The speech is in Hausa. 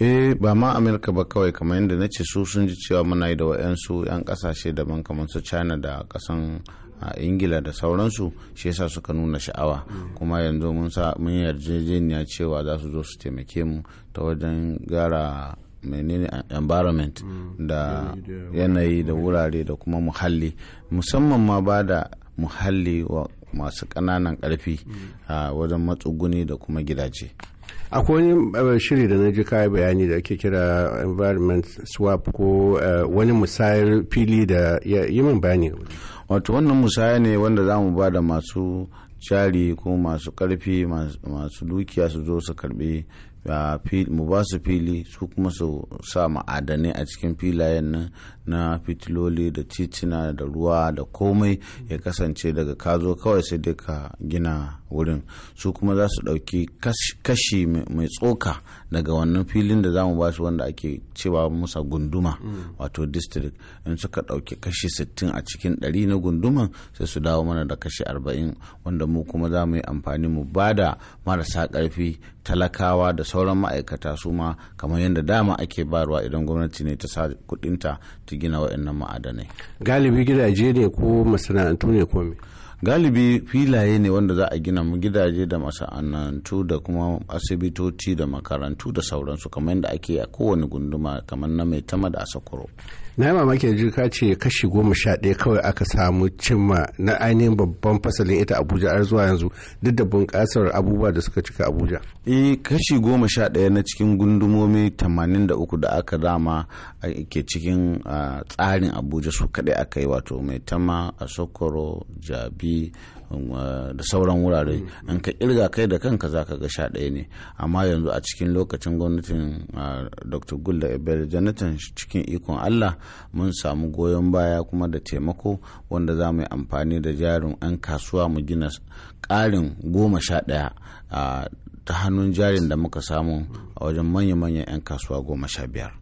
eh ba ma amurka ba kawai kamar yadda na ce su sun ji cewa muna yi da wa'yansu 'yan kasashe daban kamar su china da kasan a ingila da sauransu shi yasa suka nuna sha'awa kuma yanzu mun sa mun yarjejeniya cewa za su zo su taimake mu ta wajen gara menene environment da yanayi da wurare da kuma muhalli musamman ma ba da muhalli wa masu ƙananan ƙarfi a wajen matsuguni da kuma gidaje akwai wani eh, shiri da na ji kayan bayani da ake kira environment swap ko eh, wani musayar fili da yi min bayani wato wannan musaya ne wanda za mu ba da masu shari ko masu karfi masu dukiya su zo su karbi mu ba su fili su kuma su sa ma'adanai a cikin filayen nan na fitiloli da titina da ruwa da komai ya kasance daga ka zo kawai sai dai ka gina wurin su kuma za su ɗauki kashi mai tsoka daga wannan filin da za mu ba su wanda ake cewa musa gunduma mm. wato district in suka ɗauki kashi 60 a cikin 100 na gunduman sai su dawo mana da kashi 40 wanda mu kuma za mu yi amfani mu ba da marasa ƙarfi talakawa da sauran ma'aikata su ma kamar yadda dama ake barwa idan gwamnati ne ta sa kudinta ta gina waɗannan ma'adanai galibi gidaje ne ko masana'antu ne ko me galibi filaye ne wanda za a gina mu gidaje da masana'antu da kuma asibitoci da makarantu da sauransu kamar yadda ake a kowane gunduma kamar na mai tama da asakoro na yi mamaki da ka ce kashi goma sha ɗaya kawai aka samu cimma na ainihin babban fasalin ita abuja har zuwa yanzu duk da bunƙasar abubuwa da suka cika abuja eh kashi goma sha ɗaya na cikin gundumomi tamanin da uku da aka dama ke cikin tsarin abuja su kaɗai aka yi wato mai tama asokoro jabi Um, uh, da sauran wurare in ka kirga kai da kanka za ka ga sha ɗaya ne amma yanzu a cikin lokacin gwamnatin uh, dr gulda ebel jonathan cikin ikon allah mun samu goyon baya kuma da taimako wanda za mu yi amfani da jarin 'yan kasuwa mu gina ƙarin goma sha ɗaya uh, ta hannun jarin da muka samu a wajen manya-manyan 'yan kasuwa goma sha biyar